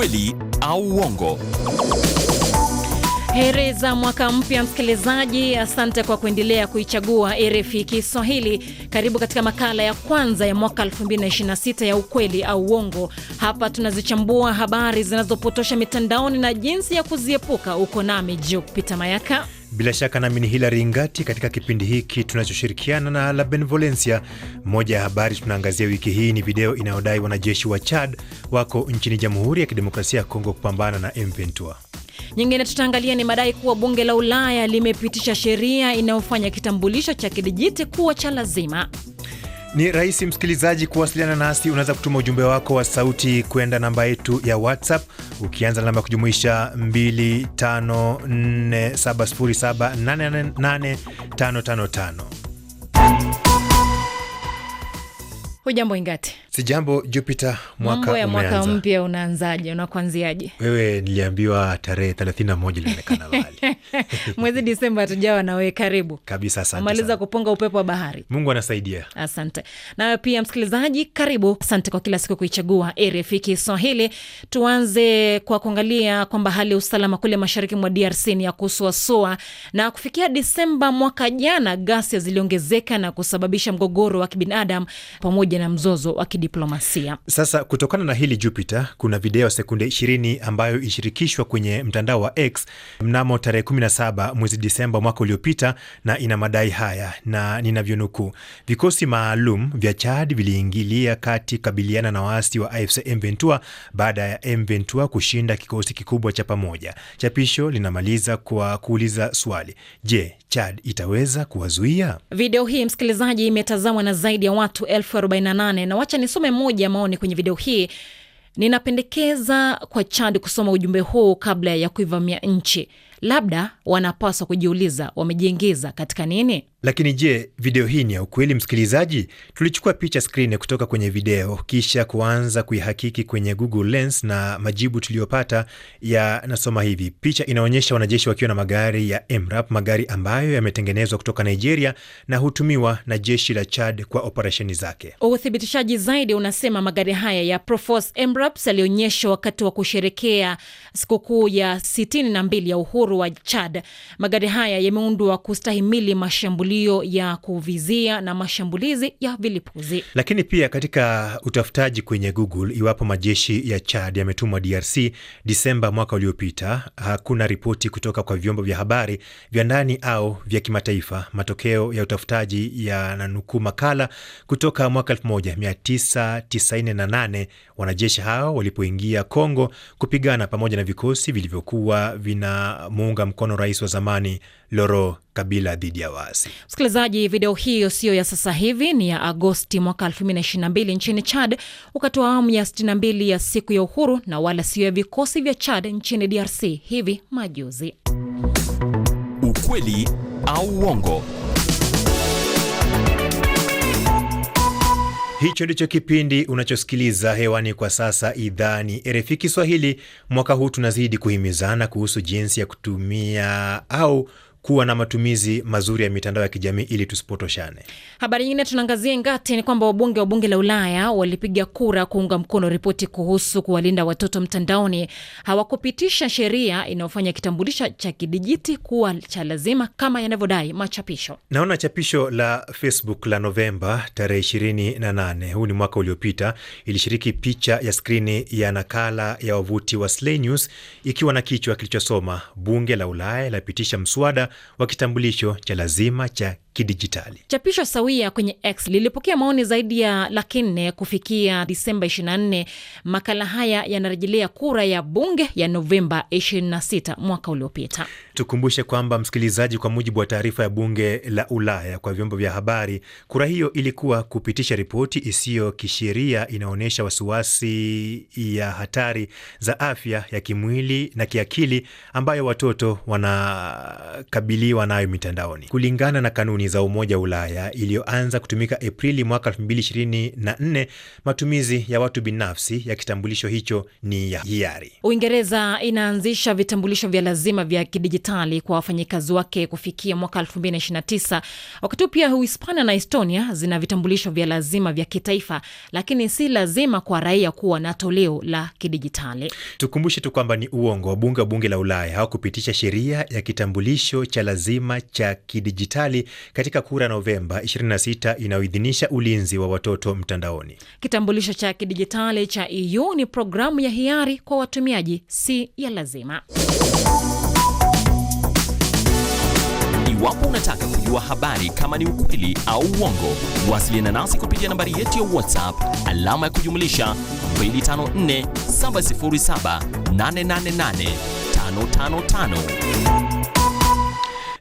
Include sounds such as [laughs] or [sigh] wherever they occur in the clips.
ukweli au uongo. Heri za mwaka mpya msikilizaji, asante kwa kuendelea kuichagua RFI Kiswahili. Karibu katika makala ya kwanza ya mwaka 2026 ya ukweli au uongo. Hapa tunazichambua habari zinazopotosha mitandaoni na jinsi ya kuziepuka. Uko nami Jupita Mayaka bila shaka nami ni Hilary Ngati katika kipindi hiki tunachoshirikiana na La benvolencia Moja ya habari tunaangazia wiki hii ni video inayodai wanajeshi wa Chad wako nchini Jamhuri ya Kidemokrasia ya Kongo kupambana na m Nyingine tutaangalia ni madai kuwa bunge la Ulaya limepitisha sheria inayofanya kitambulisho cha kidijiti kuwa cha lazima. Ni rahisi msikilizaji kuwasiliana nasi. Unaweza kutuma ujumbe wako wa sauti kwenda namba yetu ya WhatsApp ukianza na namba ya kujumuisha 254707888555. Hujambo Ingati si jambo Jupiter, mwaka ya mwaka mpya unaanzaje? Unakuanziaje wewe? Niliambiwa tarehe thelathini na moja ilionekana mbali [laughs] mwezi Disemba hatujawa nawe karibu kabisa. Asante, maliza kupunga upepo wa bahari. Mungu anasaidia. Asante nawe pia msikilizaji, karibu. Asante kwa kila siku kuichagua rf Kiswahili. Tuanze kwa kuangalia kwamba hali ya usalama kule mashariki mwa DRC ni ya kusuasua, na kufikia Disemba mwaka jana gasia ziliongezeka na kusababisha mgogoro wa kibinadamu pamoja na mzozo wa kidi diplomasia. Sasa kutokana na hili Jupiter, kuna video sekunde 20 ambayo ilishirikishwa kwenye mtandao wa X mnamo tarehe 17 mwezi Disemba mwaka uliopita, na ina madai haya na ninavyonukuu: vikosi maalum vya Chad viliingilia kati kabiliana na waasi wa AFC M23 baada ya M23 kushinda kikosi kikubwa cha pamoja. Chapisho linamaliza kwa kuuliza swali, je, Chad itaweza kuwazuia? Video hii msikilizaji, imetazamwa na zaidi ya watu elfu na wacha ni nisome moja maoni kwenye video hii. Ninapendekeza kwa Chad kusoma ujumbe huu kabla ya kuivamia nchi. Labda wanapaswa kujiuliza wamejiingiza katika nini. Lakini je, video hii ni ya ukweli? Msikilizaji, tulichukua picha skrini kutoka kwenye video kisha kuanza kuihakiki kwenye Google Lens na majibu tuliyopata yanasoma hivi. Picha inaonyesha wanajeshi wakiwa na magari ya MRAP, magari ambayo yametengenezwa kutoka Nigeria na hutumiwa na jeshi la Chad kwa operesheni zake. Uthibitishaji zaidi unasema magari haya ya Proforce MRAP yalionyeshwa wakati wa kusherekea sikukuu ya 62 ya uhuru wa Chad. Magari haya yameundwa kustahimili mashambulio mashambulio ya kuvizia na mashambulizi ya vilipuzi. Lakini pia katika utafutaji kwenye Google, iwapo majeshi ya Chad yametumwa DRC Disemba mwaka uliopita, hakuna ripoti kutoka kwa vyombo vya habari vya ndani au vya kimataifa. Matokeo ya utafutaji yananukuu makala kutoka mwaka 1998 wanajeshi hao walipoingia congo kupigana pamoja na vikosi vilivyokuwa vinamuunga mkono rais wa zamani Loro Kabila dhidi ya waasi. Msikilizaji, video hiyo siyo ya sasa hivi, ni ya Agosti mwaka 222 nchini Chad, wakati wa awamu ya 62 ya siku ya uhuru, na wala siyo ya vikosi vya Chad nchini DRC hivi majuzi. Ukweli au uongo? Hicho ndicho kipindi unachosikiliza hewani kwa sasa. Idhaa ni RFI Kiswahili. Mwaka huu tunazidi kuhimizana kuhusu jinsi ya kutumia au kuwa na matumizi mazuri ya mitandao ya kijamii ili tusipotoshane. Habari nyingine tunaangazia ngati ni kwamba wabunge wa bunge la Ulaya walipiga kura kuunga mkono ripoti kuhusu kuwalinda watoto mtandaoni. Hawakupitisha sheria inayofanya kitambulisho cha kidijiti kuwa cha lazima kama yanavyodai machapisho. Naona chapisho la Facebook la Novemba tarehe 28, huu ni mwaka uliopita, ilishiriki picha ya skrini ya nakala ya wavuti wa Slay News ikiwa na kichwa kilichosoma bunge la Ulaya lapitisha mswada wa kitambulisho cha lazima cha kidijitali. Chapisho sawia kwenye X lilipokea maoni zaidi ya laki nne kufikia Disemba 24. Makala haya yanarejelea kura ya bunge ya Novemba 26 mwaka uliopita. Tukumbushe kwamba msikilizaji, kwa mujibu wa taarifa ya bunge la Ulaya kwa vyombo vya habari, kura hiyo ilikuwa kupitisha ripoti isiyo kisheria inaonyesha wasiwasi ya hatari za afya ya kimwili na kiakili ambayo watoto wanakabiliwa nayo mitandaoni kulingana na kanuni kanuni za Umoja wa Ulaya iliyoanza kutumika Aprili mwaka 2024, matumizi ya watu binafsi ya kitambulisho hicho ni ya hiari. Uingereza inaanzisha vitambulisho vya lazima vya kidijitali kwa wafanyikazi wake kufikia mwaka 2029, wakati pia Uhispania na Estonia zina vitambulisho vya lazima vya kitaifa, lakini si lazima kwa raia kuwa na toleo la kidijitali. Tukumbushe tu kwamba ni uongo, wabunge wa bunge la Ulaya hawakupitisha sheria ya kitambulisho cha lazima cha kidijitali katika kura Novemba 26 inayoidhinisha ulinzi wa watoto mtandaoni. Kitambulisho cha kidijitali cha EU ni programu ya hiari kwa watumiaji, si ya lazima. Iwapo unataka kujua habari kama ni ukweli au uongo, wasiliana nasi kupitia nambari yetu ya WhatsApp alama ya kujumlisha 254 707 888 555.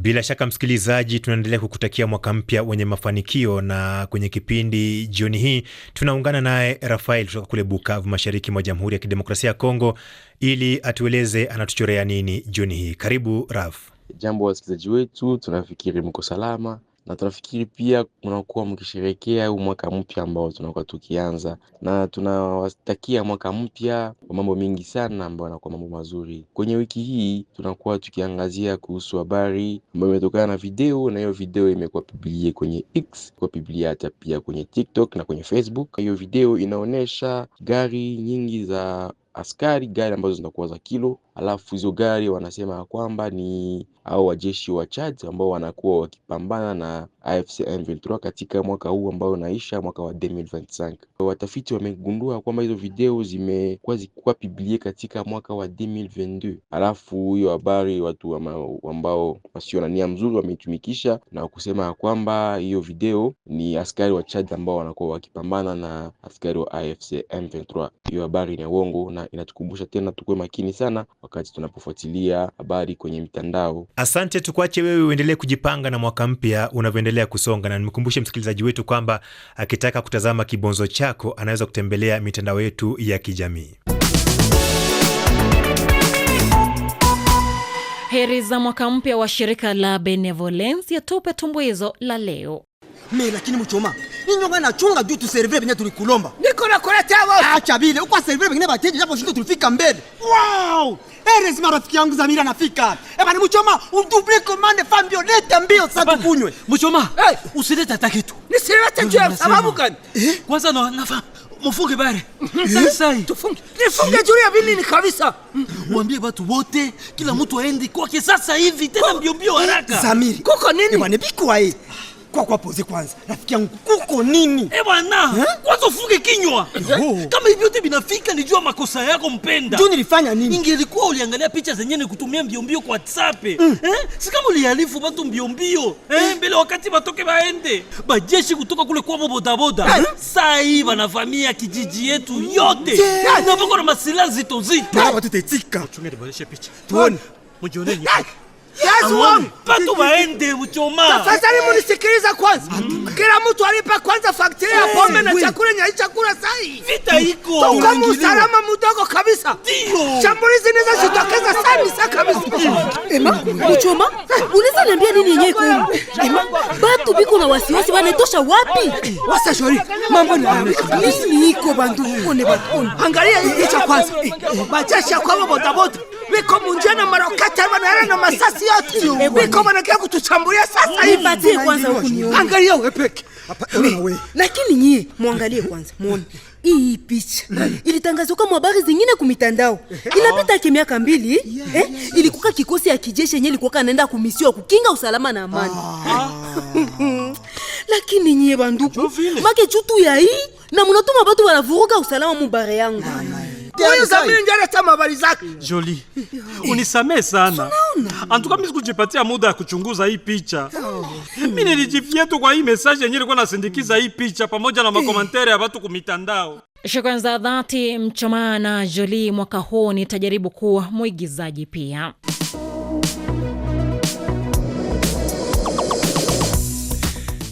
Bila shaka msikilizaji, tunaendelea kukutakia mwaka mpya wenye mafanikio, na kwenye kipindi jioni hii tunaungana naye Rafael kutoka kule Bukavu, mashariki mwa Jamhuri ya Kidemokrasia ya Kongo, ili atueleze anatuchorea nini jioni hii. Karibu Raf. Jambo wasikilizaji wetu, tunafikiri mko salama na tunafikiri pia mnakuwa mkisherekea huu mwaka mpya ambao tunakuwa tukianza, na tunawatakia mwaka mpya kwa mambo mengi sana ambayo yanakuwa mambo mazuri. Kwenye wiki hii tunakuwa tukiangazia kuhusu habari ambayo imetokana na video, na hiyo video imekuwa piblie kwenye X, kwa publie hata pia kwenye TikTok na kwenye Facebook. Hiyo video inaonyesha gari nyingi za askari, gari ambazo zinakuwa za kilo Alafu hizo gari wanasema ya kwamba ni au wajeshi wa Chad ambao wanakuwa wakipambana na AFC M23 katika mwaka huu ambao unaisha mwaka wa 2025. Watafiti wamegundua kwamba hizo video zimekuwa zikuwa publie katika mwaka wa 2022. Alafu hiyo habari watu ambao wasio na nia mzuri wameitumikisha na kusema ya kwamba hiyo video ni askari wa Chad ambao wanakuwa wakipambana na askari wa AFC M23. Hiyo habari ni uongo na inatukumbusha tena tukue makini sana wakati tunapofuatilia habari kwenye mitandao. Asante, tukuache wewe uendelee kujipanga na mwaka mpya unavyoendelea kusonga, na nimkumbushe msikilizaji wetu kwamba akitaka kutazama kibonzo chako anaweza kutembelea mitandao yetu ya kijamii. Heri za mwaka mpya wa shirika la Benevolence yatupe tumbuizo la leo. Me lakini mchoma. Ninyo Muchoma, na chunga juu tuservire benye tulikulomba. Niko na nakoleta hapo. Acha bile, uko servire benye bateje japo shinto tulifika mbele. Wow! Eres marafiki yangu Zamira anafika. Eba ni Muchoma, uduble commande fambio leta mbio sasa tukunywe. Mchoma, hey, usilete hata kitu. Nisilete juu ya sababu gani? Eh? eh? Kwanza na nafa mufunge bare. Eh? Sasa tufunge. Nifunge juu ya bini bilini kabisa. Mm. Mwambie watu wote kila mtu aende kwake sasa hivi tena mbio mbio haraka. Zamira. Koko nini? Eba ni biko kwako apoze kwanza. Rafiki yangu kuko nini? Eh bwana, kwanza ufunge kinywa. Kama hivyo yote binafika, nijua makosa yako mpenda. Juu nilifanya nini? Ingelikuwa uliangalia picha zenyewe nikutumia mbio mbio kwa WhatsApp. Mm. Eh? Si kama ulihalifu watu mbio mbio. Eh, eh mbele wakati batoke baende. Bajeshi kutoka kule kwa boda boda. Eh? Saa hii wanavamia kijiji yetu yote. Na wako na masilaha zito zito. Baba tutetika. Tuone. Mjione nyinyi tuwaende Buchoma. Tafadhali eh. munisikiliza kwanza. Mm. Kila mtu alipa kwanza fakturi ya eh. pombe na chakula na chakula sahi. Vita iko. Tuko usalama mdogo kabisa. Ndio. Shambulizi zinaweza kutokeza sana ah. sana kabisa. Mm. Ema, Buchoma, unaweza niambia nini yenyewe kwenu? Ema, watu biko na wasiwasi wanatosha wapi? Wasa shori, mambo na nini iko bandu one bandu. Angalia hii cha kwanza. Bachasha kwa bodaboda. Wiko munjiana marokati wanalala na masasi yote. Wiko wanakia kutuchambulia sasa hivi. Nipatie kwanza ukunione. Angalia wewe peke. Lakini nyie muangalie kwanza. Muone. Hii picha ilitangazwa kama habari zingine kumitandao, inapita ke miaka mbili yeah, eh? yeah, ilikuwa kikosi ya kijeshi yenye ilikuwa kanaenda kumisiwa kukinga usalama na amani ah. [laughs] Lakini nyie banduku make chutu ya hii na munatuma batu wanavuruga usalama mubare yangu nah, nah habari zake. unisamehe sana. Antuka mimi sikujipatia muda ya kuchunguza hii picha. Oh. Mimi nilijifia tu kwa hii message yenyewe ilikuwa nasindikiza hii picha pamoja na makomantere ya watu kumitandao. Shukrani za dhati na Jolie, mwaka huu nitajaribu kuwa mwigizaji pia.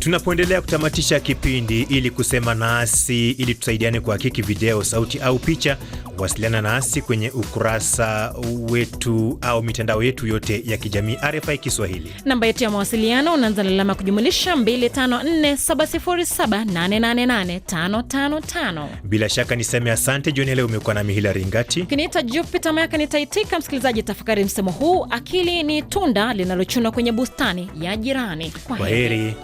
Tunapoendelea kutamatisha kipindi, ili kusema nasi ili tusaidiane kuhakiki video, sauti au picha, wasiliana nasi kwenye ukurasa wetu au mitandao yetu yote ya kijamii RFI Kiswahili. Namba yetu ya mawasiliano unaanza lalama kujumulisha 2547788855 Bila shaka niseme asante jioni leo, umekuwa nami mihila ringati kiniita Jupita Mayaka. Nitaitika msikilizaji, tafakari msemo huu, akili ni tunda linalochunwa kwenye bustani ya jirani. Kwa heri.